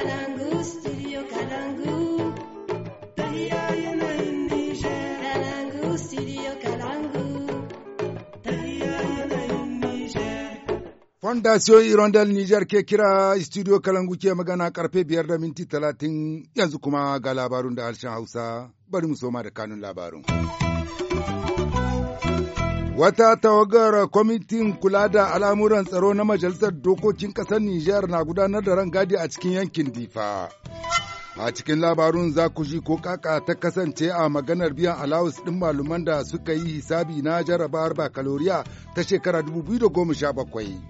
Kalangu, Nijar. Fondation Irondel Niger ke kira studio Kalangu ke magana karfe biyar da minti talatin yanzu kuma ga labarun da harshen Hausa. Bari mu soma da kanun labarun. Wata tawagar kwamitin kula da al'amuran tsaro na Majalisar Dokokin Ƙasar Nijar na gudanar da rangadi a cikin yankin Difa. A cikin labarun za ku ji ko kaka ta kasance a maganar biyan alawus ɗin maluman da suka yi hisabi na jarabawar bakaloriya ta shekara 2017.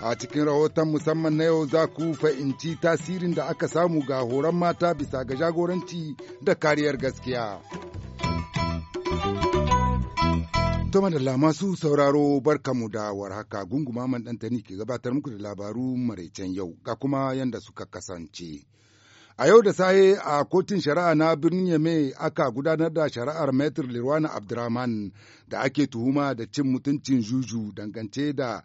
A cikin rahoton musamman na yau za ku fahimci tasirin da aka samu ga horon mata bisa ga jagoranci da kariyar gaskiya. To da masu sauraro barkamu da warhaka gunguma man ɗantani ke gabatar muku da labaru maraicen yau ga kuma yanda suka kasance. A yau da saye a kotun shari'a na birnin Yame aka gudanar da shari'ar metr Lirwana Abdurrahman da ake tuhuma da cin mutuncin juju dangance da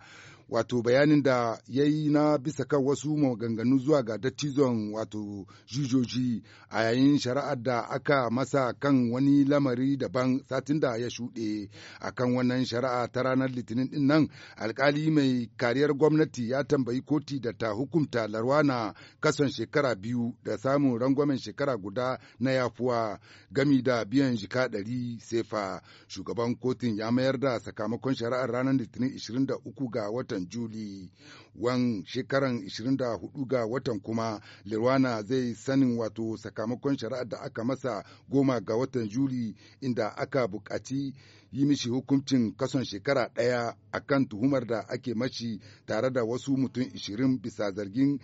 wato bayanin da ya yi na bisa kan wasu maganganu zuwa ga dattizon wato jujoji a yayin shari'ar da aka masa kan wani lamari daban satin da ya shuɗe a kan wannan shari'a ta ranar litinin ɗin nan alkali mai kariyar gwamnati ya tambayi koti da ta hukunta larwana kason shekara biyu da samun rangwamen shekara guda na yafuwa gami da biyan jika ɗari sefa shugaban kotin ya mayar da sakamakon shari'ar ranar litinin 23 ga wata watan Juli. Wan shekaran 24 ga watan kuma Lirwana zai sanin wato sakamakon shari'ar da aka masa goma ga watan Juli inda aka bukaci yi mishi hukuncin kason shekara ɗaya a kan tuhumar da ake mashi tare da wasu mutum 20 bisa zargin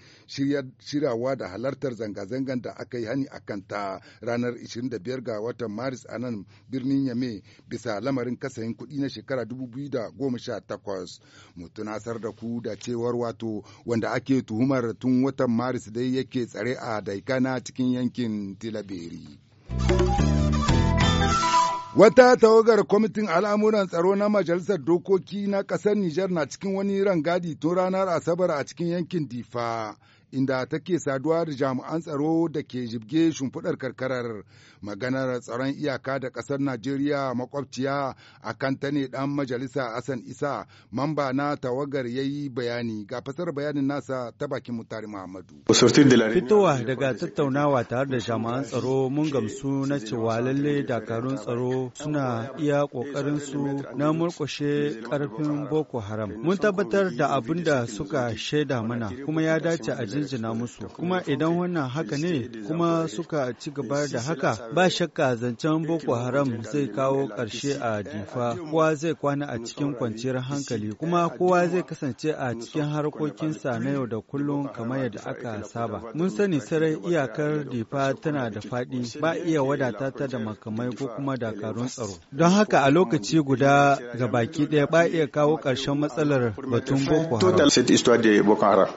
shirawa da halartar zanga-zangan da aka yi hani a kanta ranar 25 ga watan maris a nan birnin yame bisa lamarin kasayin kuɗi na shekara 2018 mutuna kasar da ku da cewar wato wanda ake tuhumar tun watan maris dai yake tsare a daikana cikin yankin tilaberi. Wata tawagar kwamitin al'amuran tsaro na Majalisar Dokoki na ƙasar Nijar na cikin wani rangadi tun ranar Asabar a cikin yankin Difa. inda take saduwa da jami'an tsaro da ke jibge shimfiɗar karkarar maganar tsaron iyaka da ƙasar najeriya makwabciya a kan ta ne ɗan majalisa asan isa mamba na tawagar ya yi bayani ga fasar bayanin nasa ta bakin mutari muhammadu fitowa daga tattaunawa tare da jami'an tsaro mun gamsu na cewa lalle dakarun tsaro suna iya ƙoƙarin su na murƙushe ƙarfin boko haram mun tabbatar da abin da suka shaida mana kuma ya dace a jinjina musu kuma idan wannan haka ne kuma suka ci gaba da haka ba shakka zancen boko haram zai kawo ƙarshe a difa kowa zai kwana a cikin kwanciyar hankali kuma kowa zai kasance a cikin harkokinsa na yau da kullum kamar yadda aka saba mun sani sarai iyakar difa tana da faɗi ba iya wadata ta da makamai ko kuma dakarun tsaro don haka a lokaci guda ga baki ɗaya ba iya kawo ƙarshen matsalar batun boko haram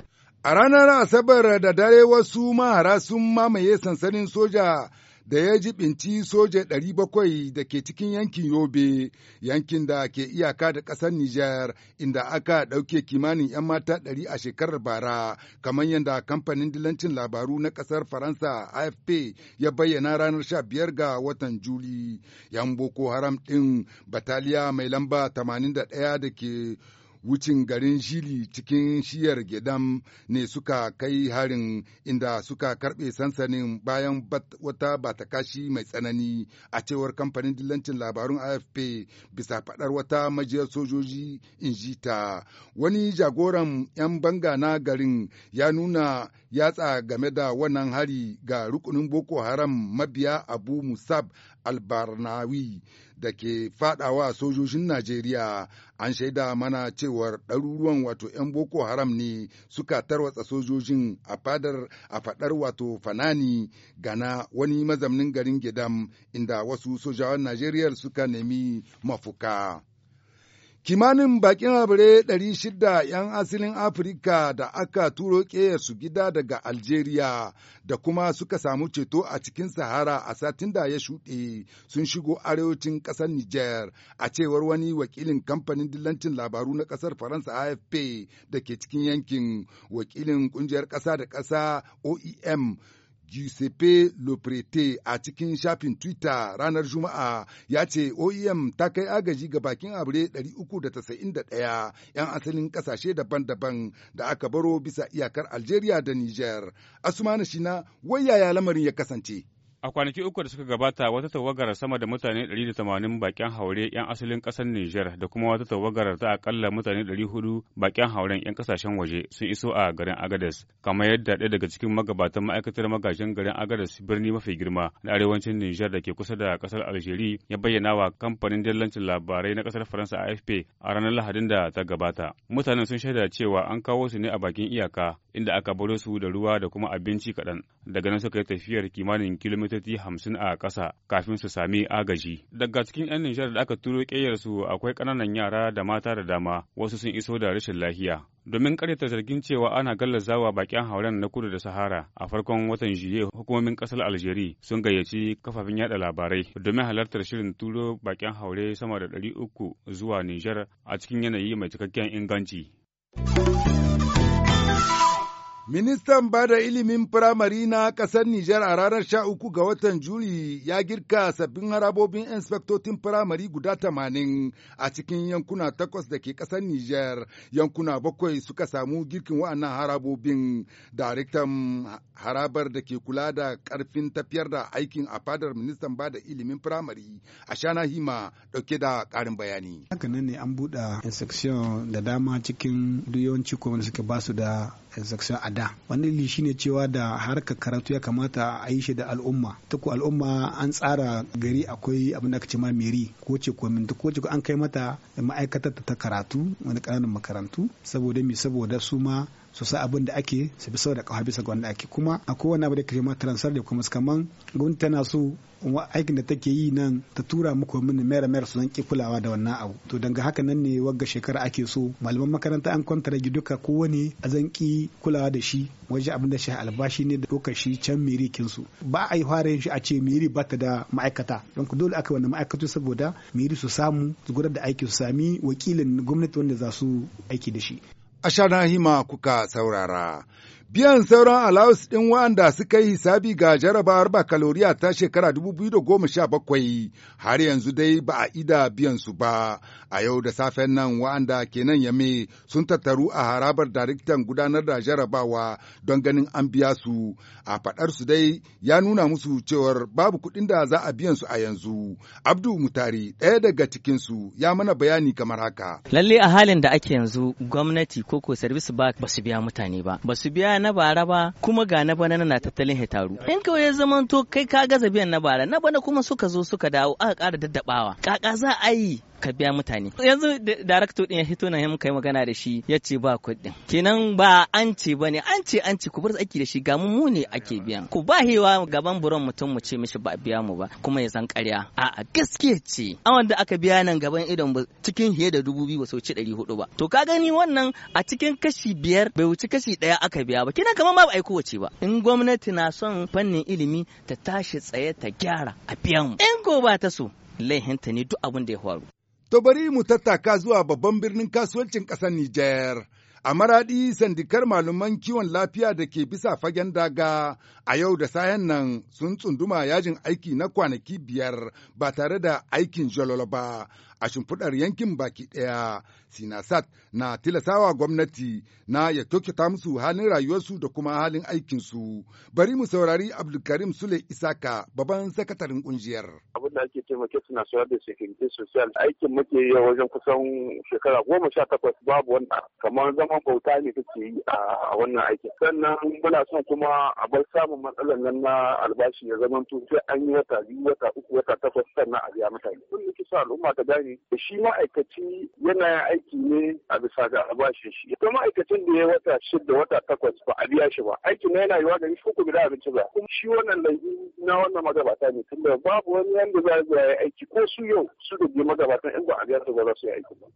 A ranar Asabar da dare wasu mahara sun mamaye sansanin soja da ya jibinci soja 700 da ke cikin yankin Yobe, yankin da ke iyaka da ƙasar Nijar, inda aka ɗauke kimanin 'yan mata 100 a shekarar bara, kamar yadda kamfanin dilancin labaru na ƙasar Faransa AFP ya bayyana ranar 15 ga watan Juli. 'Yan Boko Haram ɗin Bataliya mai lamba 81 da ke wucin garin Shili cikin shiyar Gedam ne suka kai harin inda suka karɓe sansanin bayan wata batakashi mai tsanani a cewar kamfanin dillancin labarun AFP bisa faɗar wata majiyar sojoji in ta. Wani jagoran 'yan banga na garin ya nuna yatsa game da wannan hari ga rukunin Boko Haram mabiya Abu Musab albarnawi da ke fadawa sojojin Najeriya an shaida mana cewar ɗaruruwan wato 'yan Boko Haram ne suka tarwatsa sojojin a fadar a fadar wato Fanani gana wani mazamnin garin Gidam inda wasu sojawan Najeriya suka nemi mafuka. Kimanin bakin habire 600 'yan asalin Afirka da aka turo su gida daga Algeria da kuma suka samu ceto a cikin Sahara a satin da ya shuɗe sun shigo arewacin ƙasar Nijar a cewar wani wakilin kamfanin dillancin labaru na ƙasar Faransa AFP da ke cikin yankin wakilin ƙungiyar ƙasa da ƙasa OEM. giuseppe loprete a cikin shafin twitter ranar juma'a ya ce oem ta kai agaji ga bakin abure 391 'yan asalin kasashe daban-daban da aka baro bisa iyakar algeria da niger shi shina wai yaya lamarin ya kasance A kwanaki uku da suka gabata wata tawagar sama da mutane 180 bakin haure 'yan asalin ƙasar Nijar da kuma wata tawagar ta akalla mutane 400 bakin hauren 'yan kasashen waje sun iso a garin Agadez, kamar yadda ɗaya daga cikin magabatan ma'aikatar magajin garin Agadez birni mafi girma na arewacin Nijar da ke kusa da ƙasar Algeria ya bayyana wa kamfanin dillancin labarai na kasar Faransa AFP a ranar Lahadin da ta gabata. Mutanen sun shaida cewa an kawo su ne a bakin iyaka inda aka baro su da ruwa da kuma abinci kaɗan. Daga nan suka yi tafiyar kimanin kilomita mitoci hamsin a ƙasa kafin su sami agaji. Daga cikin 'yan Nijar da aka turo ƙeyarsu akwai ƙananan yara da mata da dama wasu sun iso da rashin lahiya domin karyata zargin cewa ana gallazawa baƙin hauren na kudu da sahara a farkon watan juye hukumomin ƙasar aljeri sun gayyaci kafafen yada labarai domin halartar shirin turo baƙin haure sama da ɗari uku zuwa Nijar a cikin yanayi mai cikakken inganci. Ministan bada ilimin firamare na ƙasar Nijar a ranar sha uku ga watan Juli ya girka sabbin harabobin inspektotin firamare guda tamanin a cikin yankuna takwas da ke ƙasar Nijar yankuna bakwai suka samu girkin wa'annan harabobin. Daraktan harabar da ke kula da karfin tafiyar da aikin a fadar ministan bada ilimin firamare a shana hima ɗauke da ƙarin bayani. Haka ne an buɗe section da dama cikin duk yawanci kuma suka basu da section a da wani li shine cewa da harkar karatu ya kamata a yi shi da al'umma ta ko al'umma an tsara gari akwai abin da aka ce ma meri ko ce ko kominti ko ce an kai mata ma'aikatar ta karatu wani ƙananan makarantu saboda mi saboda su ma su sa abin da ake su bi sau da kawai bisa ga wanda ake kuma A kowane abu da kashe ma transfer da kuma kaman gwamnati tana so aikin da take yi nan ta tura muku min mera mera su ki kulawa da wannan abu to danga haka nan ne wagga shekara ake so malaman makaranta an kwantara duka kowane a zanki kulawa da shi waje abin da shi albashi ne da doka shi can miri kinsu ba a yi fara yin shi a ce miri ba ta da ma'aikata don ku dole aka wani ma'aikatu saboda miri su samu su gudanar da aiki su sami wakilin gwamnati wanda za su aiki da shi a sha hima kuka saurara. biyan sauran allowance ɗin wa'anda suka yi hisabi ga jarabawar bakaloriya ta shekara da goma bakwai, har yanzu dai ba a ida biyan su ba a yau da safen nan wa'anda kenan yame sun tattaru a harabar daraktan gudanar da jarabawa don ganin an biya su a faɗar su dai ya nuna musu cewar babu kuɗin da za a biyan su a yanzu abdu mutari ɗaya daga cikin su ya mana bayani kamar haka lalle a halin da ake yanzu gwamnati koko service ba su biya mutane ba ba su biya na bara ba kuma ga na bana na tattalin hitaru in kawai ya zaman to kai ka gaza biyan na bara na bana kuma suka zo suka dawo aka ƙara daddabawa kaka za a yi ka biya mutane yanzu director din ya hito na muka kai magana da shi ya ce ba kuɗin kenan ba an ce ba ne an ce an ce ku bar aiki da shi ga mu ne ake biya ku ba hewa gaban buron mutum mu ce mishi ba biya mu ba kuma ya san ƙarya a'a gaskiya ce An wanda aka biya nan gaban idon cikin fiye da dubu biyu ba sau ci ɗari hudu ba to ka gani wannan a cikin kashi biyar bai wuci kashi ɗaya aka biya ba kenan kamar ma ba a yi ba in gwamnati na son fannin ilimi ta tashi tsaye ta gyara a mu in ko ba ta so laihinta ne duk abin da ya faru To bari mu tattaka zuwa babban birnin kasuwancin ƙasar Nijar. A maraɗi sandikar malaman kiwon lafiya da ke bisa fagen daga a yau da sayan nan sun tsunduma yajin aiki na kwanaki biyar ba tare da aikin jalolo ba. a shimfiɗar yankin baki ɗaya. Sinasat na tilasawa gwamnati na ya kyautata musu halin rayuwarsu da kuma halin aikinsu. Bari mu saurari Abdulkarim Sule Isaka, babban sakataren ƙungiyar. Abin da ake taimake suna sayar da security social aikin muke yi wajen kusan shekara goma sha takwas babu wanda kamar zaman bauta ne kake yi a wannan aikin. Sannan muna son kuma a bar samun matsalar nan na albashi ya zama sai an yi wata biyu wata uku wata takwas sannan a biya mutane. Kun al'umma ta gane da shi ma'aikaci yana aiki ne a bisa ga albashin shi ita ma'aikacin da ya wata shida wata takwas ba a biya shi ba aikin na yana yiwa gari ko da abinci ba kuma shi wannan laifi na wannan magabata ne tunda babu wani yanda za a yi aiki ko su yau su da magabatan in ba a biya su ba za su yi aiki ba.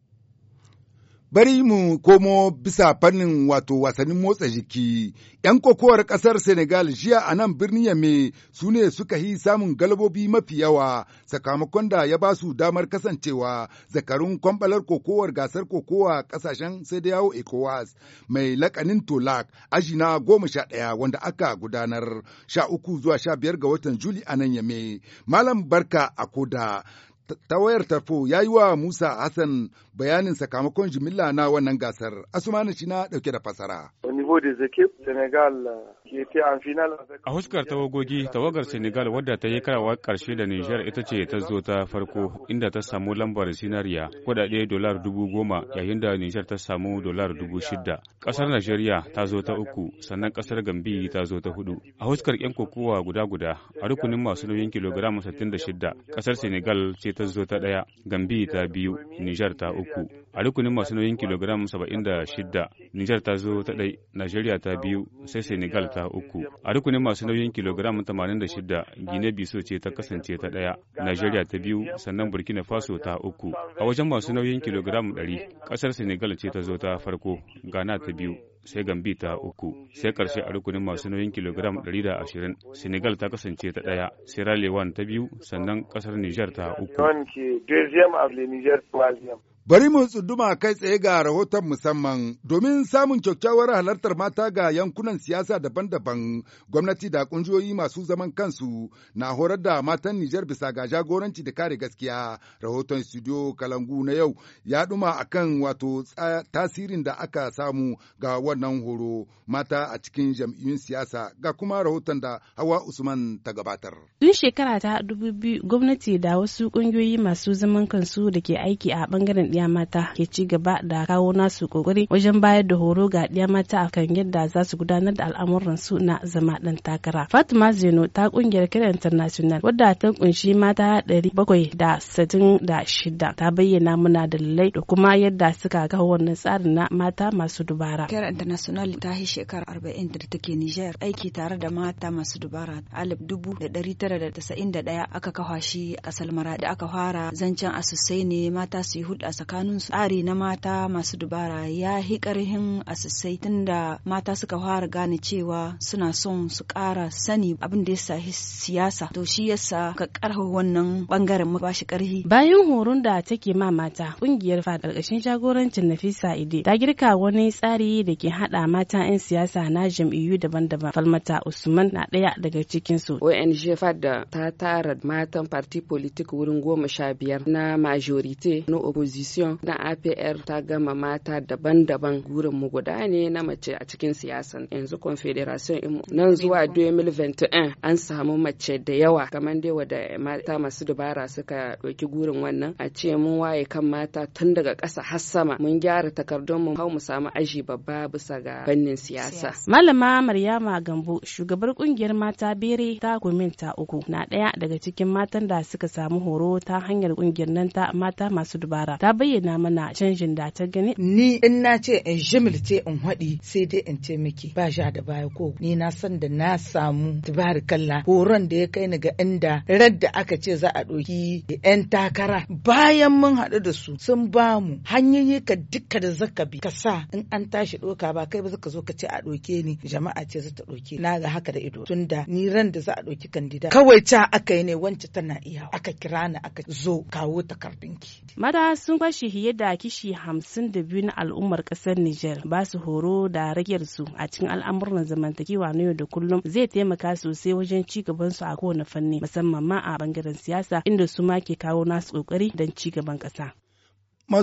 Bari mu komo bisa fannin wato wasannin motsa jiki, ‘yan kokowar ƙasar Senegal jiya a nan birnin Yame su ne suka yi samun galabobi mafi yawa sakamakon da ya ba su damar kasancewa zakarun kwambalar kokowar gasar kokowa ƙasashen sai da yawo ECOWAS mai lakanin Tolak aji na goma sha ɗaya wanda aka gudanar sha uku zuwa sha biyar ga watan Juli a nan Yame. Malam Barka a koda ta wayar tarfo ya yi wa Musa Hassan bayanin sakamakon jimilla na wannan gasar. Asumani shi na ɗauke da fasara. Senegal A huskar tawagogi, tawagar Senegal wadda ta yi karawa karshe da Nijar ita ce ta zo ta farko inda ta samu lambar sinariya kudade dolar dubu goma yayin da Nijar ta samu dolar dubu shida. Ƙasar Najeriya ta zo ta uku sannan ƙasar Gambi ta zo ta hudu. A huskar 'yan kokowa guda-guda a rukunin masu nauyin kilogram sittin da shida ƙasar Senegal ce ta zo ta ɗaya, Gambi ta biyu, Nijar ta uku. A rukunin masu nauyin kilogram saba'in da shida Nijar ta zo ta ɗai, Najeriya ta biyu, sai Senegal ta ta uku. A rukunin masu nauyin kilogiram 86 Gine Biso ce ta kasance ta ɗaya, Najeriya ta biyu, sannan Burkina Faso ta uku. A wajen masu nauyin kilogiram 100, kasar Senegal ce ta zo ta farko, Ghana ta biyu, sai gambi ta uku sai karshe a rukunin masu nauyin kilogram 120 senegal ta kasance ta daya sierra leone ta biyu sannan kasar niger ta uku Bari mu tsunduma kai tsaye ga rahoton musamman domin samun kyakkyawar halartar mata ga yankunan siyasa daban-daban gwamnati da kungiyoyi masu zaman kansu na horar da matan Nijar bisa ga jagoranci da kare gaskiya. Rahoton studio Kalangu na yau ya ɗuma kan wato tasirin da aka samu ga wannan horo mata a cikin jam'iyyun siyasa ga kuma rahoton da Hawa Usman ta gabatar. Tun shekara ta 2000 gwamnati da wasu ƙungiyoyi masu zaman kansu da ke aiki a bangaren ɗiya mata ke ci gaba da kawo nasu kokari wajen bayar da horo ga ɗiya mata a kan yadda za su gudanar da al'amuransu na zama ɗan takara. Fatima Zeno ta ƙungiyar Kira International wadda ta ƙunshi mata ɗari bakwai da sittin da shida ta bayyana muna dalilai da kuma yadda suka kawo wannan tsarin na mata masu dubara. Kira International ta yi shekara arba'in da take Niger aiki tare da mata masu dubara alif dubu da ɗari tara da tasa'in da ɗaya aka kawo shi a Salmara da aka fara zancen asusai ne mata su yi hudu a tsakanin tsari na mata masu dubara ya hi karhin asusai tunda mata suka fara gane cewa suna son su kara sani abin da ya sahi siyasa to shi yasa ka karfa wannan bangaren ba shi karhi bayan horon da take ma mata kungiyar fa karkashin jagorancin Nafisa Ide ta girka wani tsari da ke hada mata 'yan siyasa na jam'iyyu daban-daban falmata Usman na daya daga cikin su ONG da ta tara matan parti politik wurin goma sha biyar na majorite na opposition commission na apr ta gama mata daban-daban gurin mu guda ne na mace a cikin siyasan yanzu confederation imu nan zuwa 2021 an samu mace da yawa kamar dai wada mata masu dubara suka ɗauki gurin wannan a ce mun waye kan mata tun daga ƙasa har sama mun gyara takardun mu hau mu samu aji babba bisa ga fannin siyasa malama maryama gambo shugabar kungiyar mata bere ta gominta uku na ɗaya daga cikin matan da suka samu horo ta hanyar kungiyar nan ta mata masu dubara ta bayyana mana canjin da ta gani. Ni in na ce in jimilce in haɗi sai dai in ce miki ba sha da baya ko ni na san da na samu tabarikalla horon da ya kai ni ga inda radda aka ce za a ɗauki 'yan takara bayan mun haɗu da su sun ba mu hanyoyi ka dukka da zaka bi ka sa in an tashi ɗoka ba kai ba zaka zo ka ce a ɗoke ni jama'a ce za ta ɗoke na ga haka da ido tunda ni ran da za a ɗauki kandida kawai ca aka yi ne wance tana iya aka kira ni aka zo kawo takardunki. Mada sun kashi fiye da kishi hamsin da biyu na al'ummar kasar Nijar ba su horo da ragiyar su a cikin al'amuran zamantakewa na yau da kullum zai taimaka sosai wajen ci gaban su a kowane fanni musamman ma a bangaren siyasa inda su ma ke kawo nasu kokari don ci gaban ƙasa.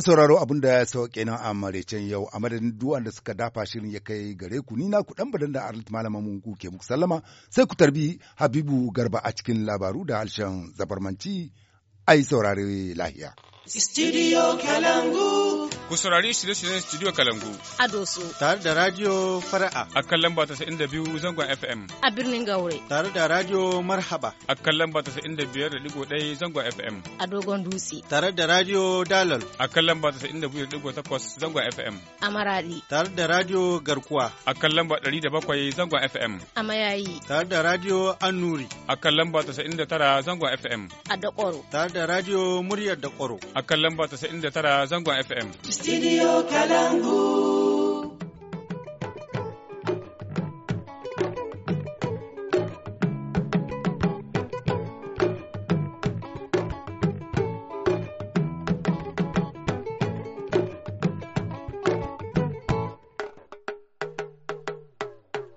sauraro abin da ya sauke na a maraicen yau a madadin duwan da suka dafa shirin ya kai gare ku ni na ku dan badan da arlit malama mun ku ke muku sallama sai ku tarbi habibu garba a cikin labaru da harshen zabarmanci ai saurari lahiya. Studio Kalangu. Ku saurari shirye-shiryen Studio Kalangu. A Doso. Tare da Radio Fara'a. A kan lamba biyu zangon FM. A birnin Gaure. Tare da Radio Marhaba. A kan lamba biyar da digo ɗaya zangon FM. A Dogon Dutse. Tare da Radio Dalol. A kan lamba biyu da digo takwas zangon FM. A Maradi. Tare da Radio Garkuwa. A kan lamba bakwai zangon FM. A Mayayi. Tare da Radio Annuri. a kan lamba 99 zangon FM. A da Dakoro. Tare da Radio Muryar Dakoro. A kan lamba 99 zangon FM. Studio Kalangu.